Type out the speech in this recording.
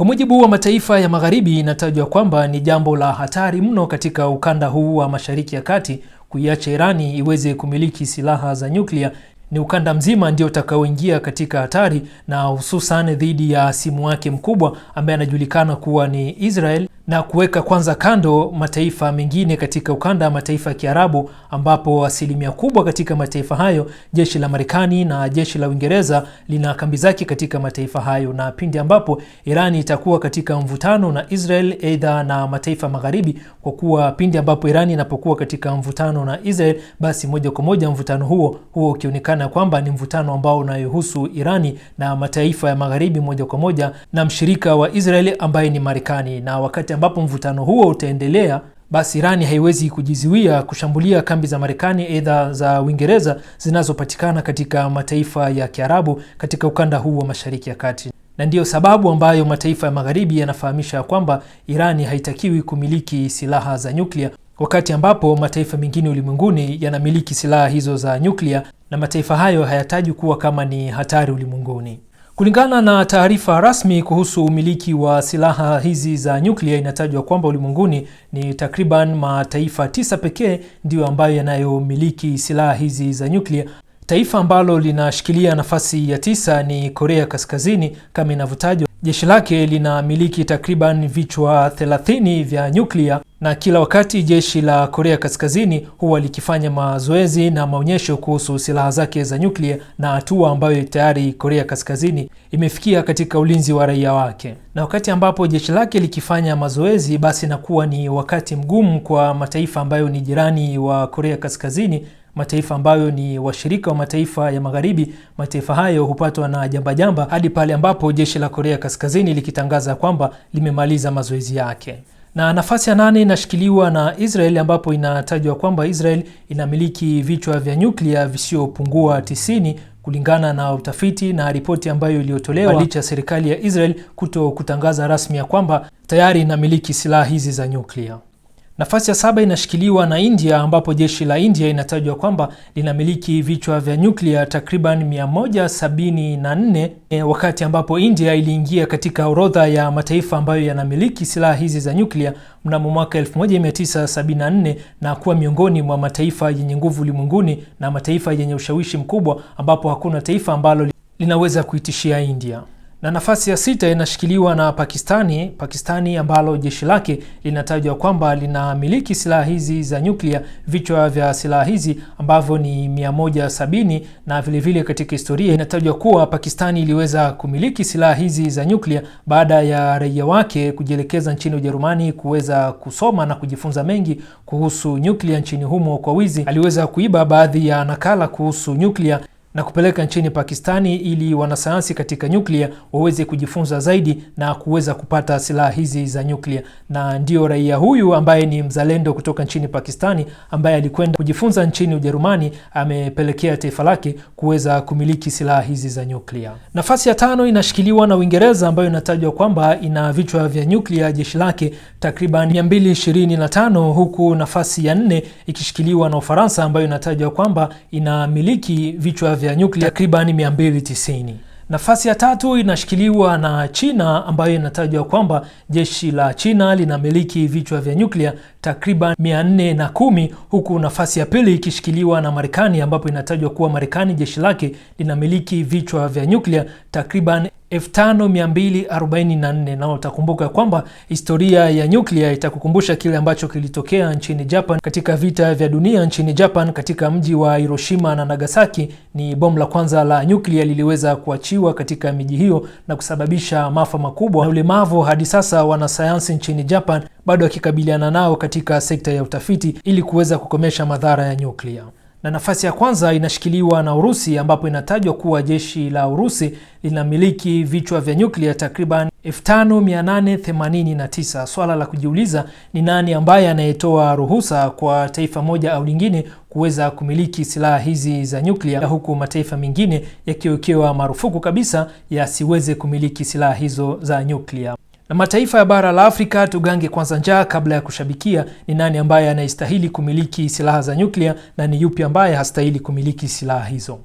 Kwa mujibu wa mataifa ya Magharibi, inatajwa kwamba ni jambo la hatari mno katika ukanda huu wa Mashariki ya Kati kuiacha Irani iweze kumiliki silaha za nyuklia. Ni ukanda mzima ndio utakaoingia katika hatari, na hususan dhidi ya simu wake mkubwa ambaye anajulikana kuwa ni Israel na kuweka kwanza kando mataifa mengine katika ukanda wa mataifa ya Kiarabu, ambapo asilimia kubwa katika mataifa hayo jeshi la Marekani na jeshi la Uingereza lina kambi zake katika mataifa hayo, na pindi ambapo Irani itakuwa katika mvutano na Israel aidha na mataifa magharibi, kwa kuwa pindi ambapo Irani inapokuwa katika mvutano na Israel, basi moja kwa moja mvutano huo huo ukionekana kwamba ni mvutano ambao unayohusu Irani na mataifa ya magharibi moja kwa moja na mshirika wa Israel ambaye ni Marekani, na wakati ambapo mvutano huo utaendelea, basi Irani haiwezi kujizuia kushambulia kambi za Marekani aidha za Uingereza zinazopatikana katika mataifa ya Kiarabu katika ukanda huu wa Mashariki ya Kati na ndiyo sababu ambayo mataifa ya magharibi yanafahamisha kwamba Irani haitakiwi kumiliki silaha za nyuklia, wakati ambapo mataifa mengine ulimwenguni yanamiliki silaha hizo za nyuklia, na mataifa hayo hayatajwi kuwa kama ni hatari ulimwenguni. Kulingana na taarifa rasmi kuhusu umiliki wa silaha hizi za nyuklia, inatajwa kwamba ulimwenguni ni takriban mataifa tisa pekee ndiyo ambayo yanayomiliki silaha hizi za nyuklia. Taifa ambalo linashikilia nafasi ya tisa ni Korea Kaskazini kama inavyotajwa Jeshi lake linamiliki takriban vichwa 30 vya nyuklia na kila wakati jeshi la Korea Kaskazini huwa likifanya mazoezi na maonyesho kuhusu silaha zake za nyuklia na hatua ambayo tayari Korea Kaskazini imefikia katika ulinzi wa raia wake. Na wakati ambapo jeshi lake likifanya mazoezi, basi inakuwa ni wakati mgumu kwa mataifa ambayo ni jirani wa Korea Kaskazini mataifa ambayo ni washirika wa mataifa ya magharibi. Mataifa hayo hupatwa na jambajamba hadi pale ambapo jeshi la Korea Kaskazini likitangaza kwamba limemaliza mazoezi yake. Na nafasi ya nane inashikiliwa na Israel ambapo inatajwa kwamba Israel inamiliki vichwa vya nyuklia visiopungua 90 kulingana na utafiti na ripoti ambayo iliyotolewa licha ya serikali ya Israel kuto kutangaza rasmi ya kwamba tayari inamiliki silaha hizi za nyuklia. Nafasi ya saba inashikiliwa na India ambapo jeshi la India inatajwa kwamba linamiliki vichwa vya nyuklia takriban 174 e, wakati ambapo India iliingia katika orodha ya mataifa ambayo yanamiliki silaha hizi za nyuklia mnamo mwaka 1974 na kuwa miongoni mwa mataifa yenye nguvu ulimwenguni na mataifa yenye ushawishi mkubwa ambapo hakuna taifa ambalo linaweza kuitishia India. Na nafasi ya sita inashikiliwa na Pakistani, Pakistani ambalo jeshi lake linatajwa kwamba linamiliki silaha hizi za nyuklia, vichwa vya silaha hizi ambavyo ni 170 na vilevile vile katika historia inatajwa kuwa Pakistani iliweza kumiliki silaha hizi za nyuklia baada ya raia wake kujielekeza nchini Ujerumani kuweza kusoma na kujifunza mengi kuhusu nyuklia nchini humo. Kwa wizi aliweza kuiba baadhi ya nakala kuhusu nyuklia na kupeleka nchini Pakistani ili wanasayansi katika nyuklia waweze kujifunza zaidi na kuweza kupata silaha hizi za nyuklia. Na ndiyo raia huyu ambaye ni mzalendo kutoka nchini Pakistani ambaye alikwenda kujifunza nchini Ujerumani amepelekea taifa lake kuweza kumiliki silaha hizi za nyuklia. Nafasi ya tano inashikiliwa na Uingereza ambayo inatajwa kwamba ina vichwa vya nyuklia jeshi lake takriban 225 huku nafasi ya nne ikishikiliwa na Ufaransa ambayo inatajwa kwamba inamiliki vichwa vya nyuklia takriban 290. Nafasi ya tatu inashikiliwa na China ambayo inatajwa kwamba jeshi la China linamiliki vichwa vya nyuklia takriban 410, huku nafasi ya pili ikishikiliwa na Marekani ambapo inatajwa kuwa Marekani jeshi lake linamiliki vichwa vya nyuklia takriban 5244 na utakumbuka kwamba historia ya nyuklia itakukumbusha kile ambacho kilitokea nchini Japan katika vita vya dunia. Nchini Japan, katika mji wa Hiroshima na Nagasaki, ni bomu la kwanza la nyuklia liliweza kuachiwa katika miji hiyo na kusababisha maafa makubwa na ulemavu. Hadi sasa wanasayansi nchini Japan bado wakikabiliana nao katika sekta ya utafiti ili kuweza kukomesha madhara ya nyuklia na nafasi ya kwanza inashikiliwa na Urusi ambapo inatajwa kuwa jeshi la Urusi linamiliki vichwa vya nyuklia takriban 5889. Swala la kujiuliza ni nani ambaye anayetoa ruhusa kwa taifa moja au lingine kuweza kumiliki silaha hizi za nyuklia, huku mataifa mengine yakiwekewa marufuku kabisa yasiweze kumiliki silaha hizo za nyuklia na mataifa ya bara la Afrika tugange kwanza njaa kabla ya kushabikia ni nani ambaye anayestahili kumiliki silaha za nyuklia na ni yupi ambaye hastahili kumiliki silaha hizo.